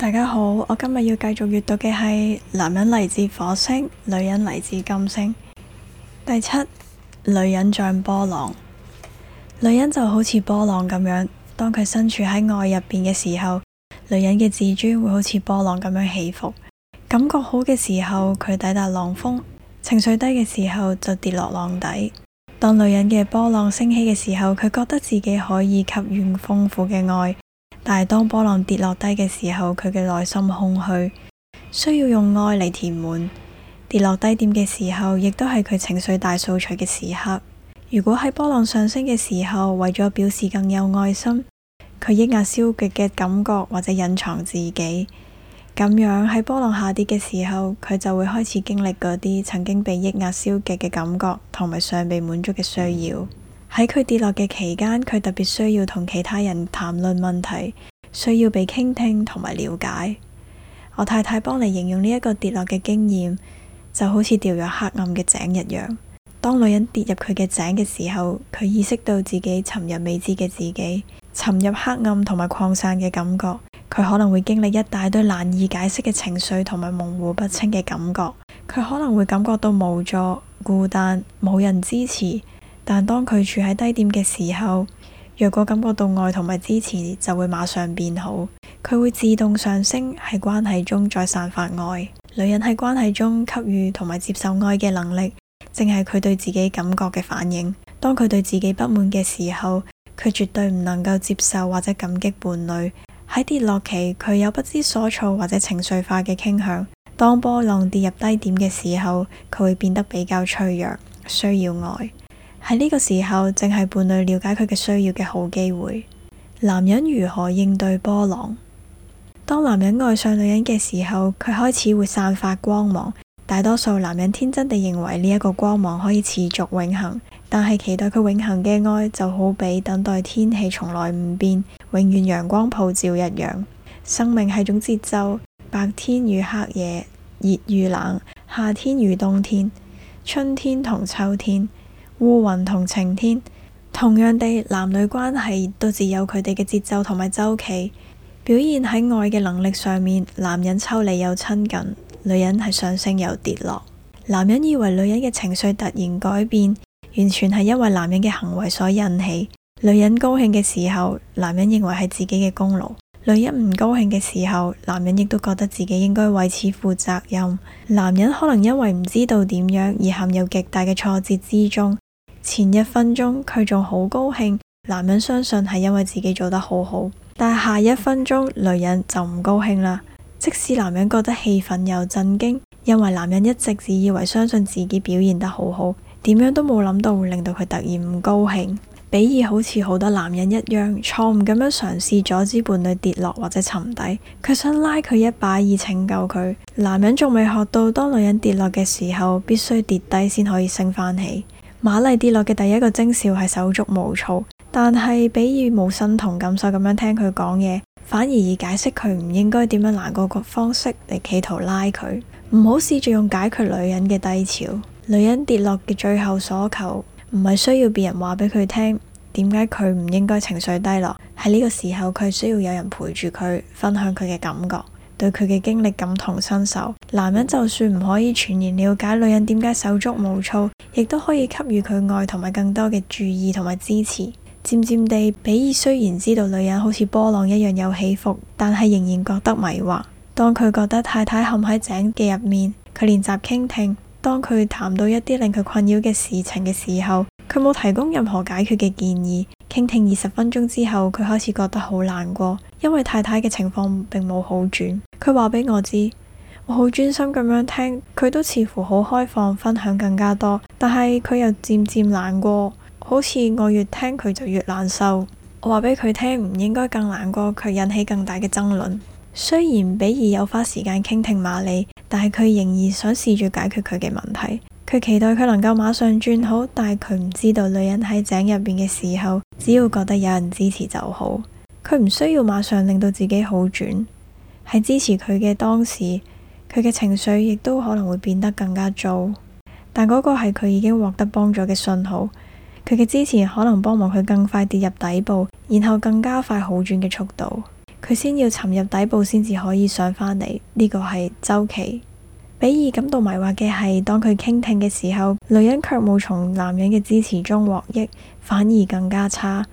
大家好，我今日要繼續閱讀嘅係男人嚟自火星，女人嚟自金星。第七，女人像波浪。女人就好似波浪咁樣，當佢身處喺愛入邊嘅時候，女人嘅自尊會好似波浪咁樣起伏。感覺好嘅時候，佢抵達浪峰，情緒低嘅時候就跌落浪底。當女人嘅波浪升起嘅時候，佢覺得自己可以給予豐富嘅愛。但係當波浪跌落低嘅時候，佢嘅內心空虛，需要用愛嚟填滿。跌落低點嘅時候，亦都係佢情緒大掃除嘅時刻。如果喺波浪上升嘅時候，為咗表示更有愛心，佢抑壓消極嘅感覺或者隱藏自己，咁樣喺波浪下跌嘅時候，佢就會開始經歷嗰啲曾經被抑壓消極嘅感覺，同埋尚未滿足嘅需要。喺佢跌落嘅期間，佢特別需要同其他人談論問題，需要被傾聽同埋了解。我太太幫你形容呢一個跌落嘅經驗，就好似掉入黑暗嘅井一樣。當女人跌入佢嘅井嘅時候，佢意識到自己沉入未知嘅自己，沉入黑暗同埋擴散嘅感覺。佢可能會經歷一大堆難以解釋嘅情緒同埋模糊不清嘅感覺。佢可能會感覺到無助、孤單、冇人支持。但當佢處喺低點嘅時候，若果感覺到愛同埋支持，就會馬上變好。佢會自動上升，喺關係中再散發愛。女人喺關係中給予同埋接受愛嘅能力，正係佢對自己感覺嘅反應。當佢對自己不滿嘅時候，佢絕對唔能夠接受或者感激伴侶。喺跌落期，佢有不知所措或者情緒化嘅傾向。當波浪跌入低點嘅時候，佢會變得比較脆弱，需要愛。喺呢個時候，正係伴侶了解佢嘅需要嘅好機會。男人如何應對波浪？當男人愛上女人嘅時候，佢開始會散發光芒。大多數男人天真地認為呢一個光芒可以持續永恆，但係期待佢永恆嘅愛就好比等待天氣從來唔變，永遠陽光普照一樣。生命係種節奏，白天與黑夜，熱與冷，夏天與冬天，春天同秋天。烏雲同晴天，同樣地，男女關係都自有佢哋嘅節奏同埋周期。表現喺愛嘅能力上面，男人抽離又親近，女人係上升又跌落。男人以為女人嘅情緒突然改變，完全係因為男人嘅行為所引起。女人高興嘅時候，男人認為係自己嘅功勞；女人唔高興嘅時候，男人亦都覺得自己應該為此負責任。男人可能因為唔知道點樣而陷入極大嘅挫折之中。前一分鐘佢仲好高興，男人相信係因為自己做得好好，但係下一分鐘女人就唔高興啦。即使男人覺得氣憤又震驚，因為男人一直自以為相信自己表現得好好，點樣都冇諗到會令到佢突然唔高興。比爾好似好多男人一樣，錯誤咁樣嘗試阻止伴侶跌落或者沉底，佢想拉佢一把以拯救佢。男人仲未學到，當女人跌落嘅時候，必須跌低先可以升翻起。瑪麗跌落嘅第一個徵兆係手足無措，但係比爾冇心同感受，所以咁樣聽佢講嘢，反而以解釋佢唔應該點樣難過個方式嚟企圖拉佢。唔好試住用解決女人嘅低潮。女人跌落嘅最後所求，唔係需要別人話俾佢聽點解佢唔應該情緒低落，喺呢個時候佢需要有人陪住佢分享佢嘅感覺。對佢嘅經歷感同身受，男人就算唔可以全然了解女人點解手足無措，亦都可以給予佢愛同埋更多嘅注意同埋支持。漸漸地，比爾雖然知道女人好似波浪一樣有起伏，但係仍然覺得迷惑。當佢覺得太太陷喺井嘅入面，佢練習傾聽。當佢談到一啲令佢困擾嘅事情嘅時候，佢冇提供任何解決嘅建議。傾聽二十分鐘之後，佢開始覺得好難過。因為太太嘅情況並冇好轉，佢話俾我知，我好專心咁樣聽，佢都似乎好開放分享更加多，但係佢又漸漸難過，好似我越聽佢就越難受。我話俾佢聽唔應該更難過，佢引起更大嘅爭論。雖然比爾有花時間傾聽瑪麗，但係佢仍然想試住解決佢嘅問題。佢期待佢能夠馬上轉好，但係佢唔知道女人喺井入邊嘅時候，只要覺得有人支持就好。佢唔需要馬上令到自己好轉，喺支持佢嘅當時，佢嘅情緒亦都可能會變得更加糟。但嗰個係佢已經獲得幫助嘅信號，佢嘅支持可能幫忙佢更快跌入底部，然後更加快好轉嘅速度。佢先要沉入底部先至可以上返嚟，呢個係周期。比爾感到迷惑嘅係，當佢傾聽嘅時候，女人卻冇從男人嘅支持中獲益，反而更加差。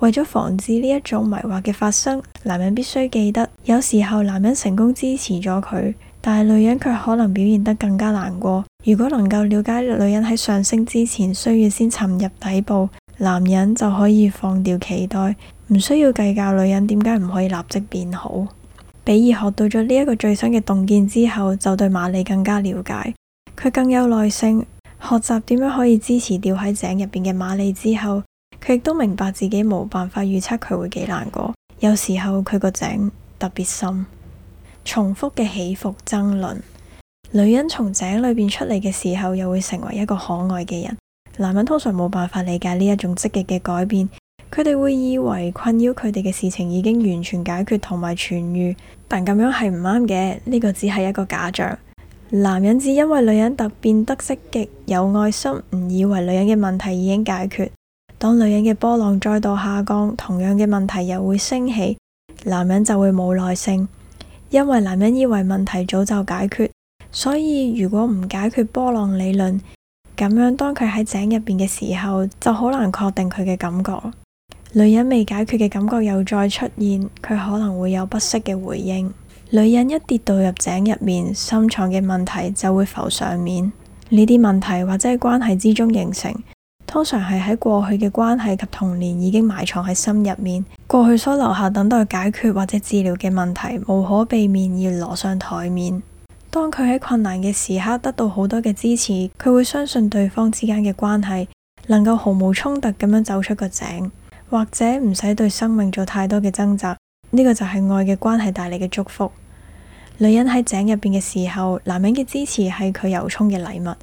為咗防止呢一種迷惑嘅發生，男人必須記得，有時候男人成功支持咗佢，但係女人卻可能表現得更加難過。如果能夠了解女人喺上升之前需要先沉入底部，男人就可以放掉期待，唔需要計較女人點解唔可以立即變好。比爾學到咗呢一個最新嘅洞見之後，就對瑪麗更加了解，佢更有耐性學習點樣可以支持掉喺井入邊嘅瑪麗之後。佢亦都明白自己冇辦法預測佢會幾難過。有時候佢個井特別深，重複嘅起伏爭論。女人從井裏邊出嚟嘅時候，又會成為一個可愛嘅人。男人通常冇辦法理解呢一種積極嘅改變，佢哋會以為困擾佢哋嘅事情已經完全解決同埋痊愈，但咁樣係唔啱嘅。呢、這個只係一個假象。男人只因為女人特變得積極有愛心，唔以為女人嘅問題已經解決。當女人嘅波浪再度下降，同樣嘅問題又會升起，男人就會冇耐性，因為男人以為問題早就解決，所以如果唔解決波浪理論，咁樣當佢喺井入面嘅時候，就好難確定佢嘅感覺。女人未解決嘅感覺又再出現，佢可能會有不適嘅回應。女人一跌到入井入面，深藏嘅問題就會浮上面，呢啲問題或者係關係之中形成。通常係喺過去嘅關係及童年已經埋藏喺心入面，過去所留下等待解決或者治療嘅問題，無可避免要攞上台面。當佢喺困難嘅時刻得到好多嘅支持，佢會相信對方之間嘅關係能夠毫無衝突咁樣走出個井，或者唔使對生命做太多嘅掙扎。呢、這個就係愛嘅關係帶嚟嘅祝福。女人喺井入邊嘅時候，男人嘅支持係佢由衷嘅禮物。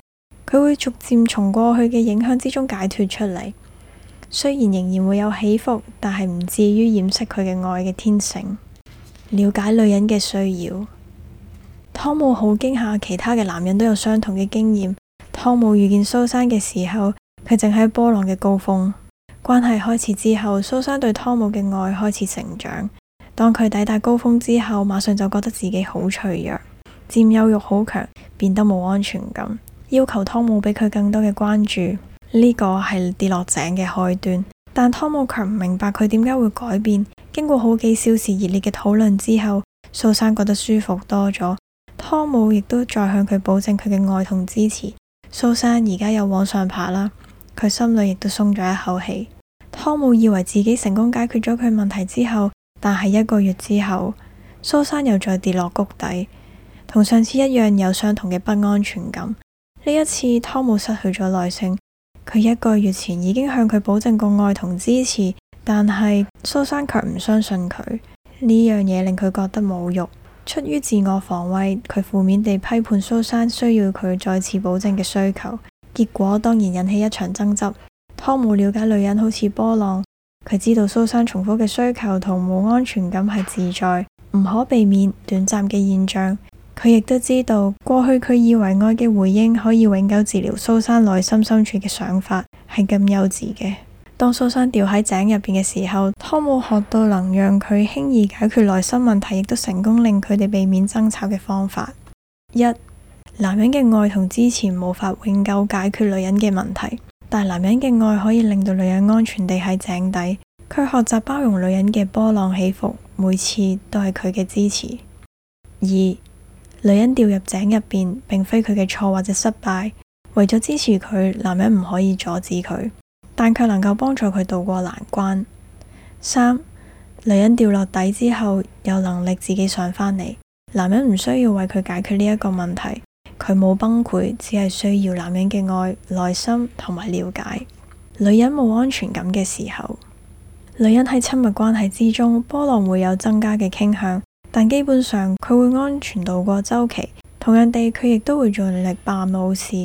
佢會逐漸從過去嘅影響之中解脫出嚟，雖然仍然會有起伏，但係唔至於掩飾佢嘅愛嘅天性。了解女人嘅需要，湯姆好驚訝，其他嘅男人都有相同嘅經驗。湯姆遇見蘇珊嘅時候，佢正喺波浪嘅高峰。關係開始之後，蘇珊對湯姆嘅愛開始成長。當佢抵達高峰之後，馬上就覺得自己好脆弱，佔有慾好強，變得冇安全感。要求湯姆俾佢更多嘅關注，呢個係跌落井嘅開端。但湯姆卻唔明白佢點解會改變。經過好幾小時熱烈嘅討論之後，蘇珊覺得舒服多咗。湯姆亦都再向佢保證佢嘅愛同支持。蘇珊而家又往上爬啦，佢心裏亦都鬆咗一口氣。湯姆以為自己成功解決咗佢問題之後，但係一個月之後，蘇珊又再跌落谷底，同上次一樣有相同嘅不安全感。呢一次，湯姆失去咗耐性。佢一個月前已經向佢保證過愛同支持，但係蘇珊卻唔相信佢。呢樣嘢令佢覺得侮辱。出於自我防衛，佢負面地批判蘇珊需要佢再次保證嘅需求，結果當然引起一場爭執。湯姆了解女人好似波浪，佢知道蘇珊重複嘅需求同冇安全感係自在、唔可避免、短暫嘅現象。佢亦都知道過去佢以為愛嘅回應可以永久治療蘇珊內心深處嘅想法係咁幼稚嘅。當蘇珊掉喺井入邊嘅時候，湯姆學到能讓佢輕易解決內心問題，亦都成功令佢哋避免爭吵嘅方法。一、男人嘅愛同支持無法永久解決女人嘅問題，但男人嘅愛可以令到女人安全地喺井底。佢學習包容女人嘅波浪起伏，每次都係佢嘅支持。二、女人掉入井入邊，並非佢嘅錯或者失敗。為咗支持佢，男人唔可以阻止佢，但卻能夠幫助佢渡過難關。三，女人掉落底之後，有能力自己上翻嚟，男人唔需要為佢解決呢一個問題。佢冇崩潰，只係需要男人嘅愛、耐心同埋了解。女人冇安全感嘅時候，女人喺親密關係之中，波浪會有增加嘅傾向。但基本上佢會安全度過周期，同樣地佢亦都會盡力辦好事，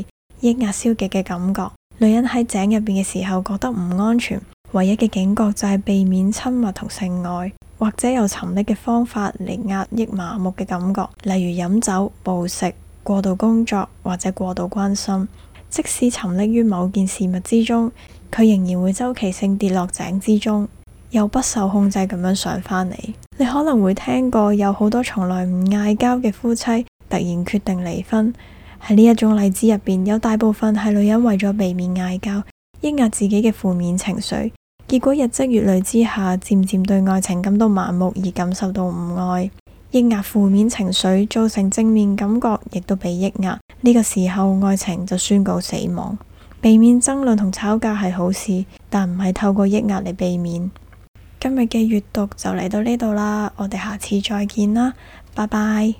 抑壓消極嘅感覺。女人喺井入邊嘅時候覺得唔安全，唯一嘅警覺就係避免親密同性愛，或者有沉溺嘅方法嚟壓抑麻木嘅感覺，例如飲酒、暴食、過度工作或者過度關心。即使沉溺於某件事物之中，佢仍然會周期性跌落井之中，又不受控制咁樣上翻嚟，你可能會聽過有好多從來唔嗌交嘅夫妻，突然決定離婚。喺呢一種例子入邊，有大部分係女人為咗避免嗌交，抑壓自己嘅負面情緒，結果日積月累之下，漸漸對愛情感到麻木而感受到唔愛，抑壓負面情緒造成正面感覺亦都被抑壓，呢個時候愛情就宣告死亡。避免爭論同吵架係好事，但唔係透過抑壓嚟避免。今日嘅閱讀就嚟到呢度啦，我哋下次再見啦，拜拜。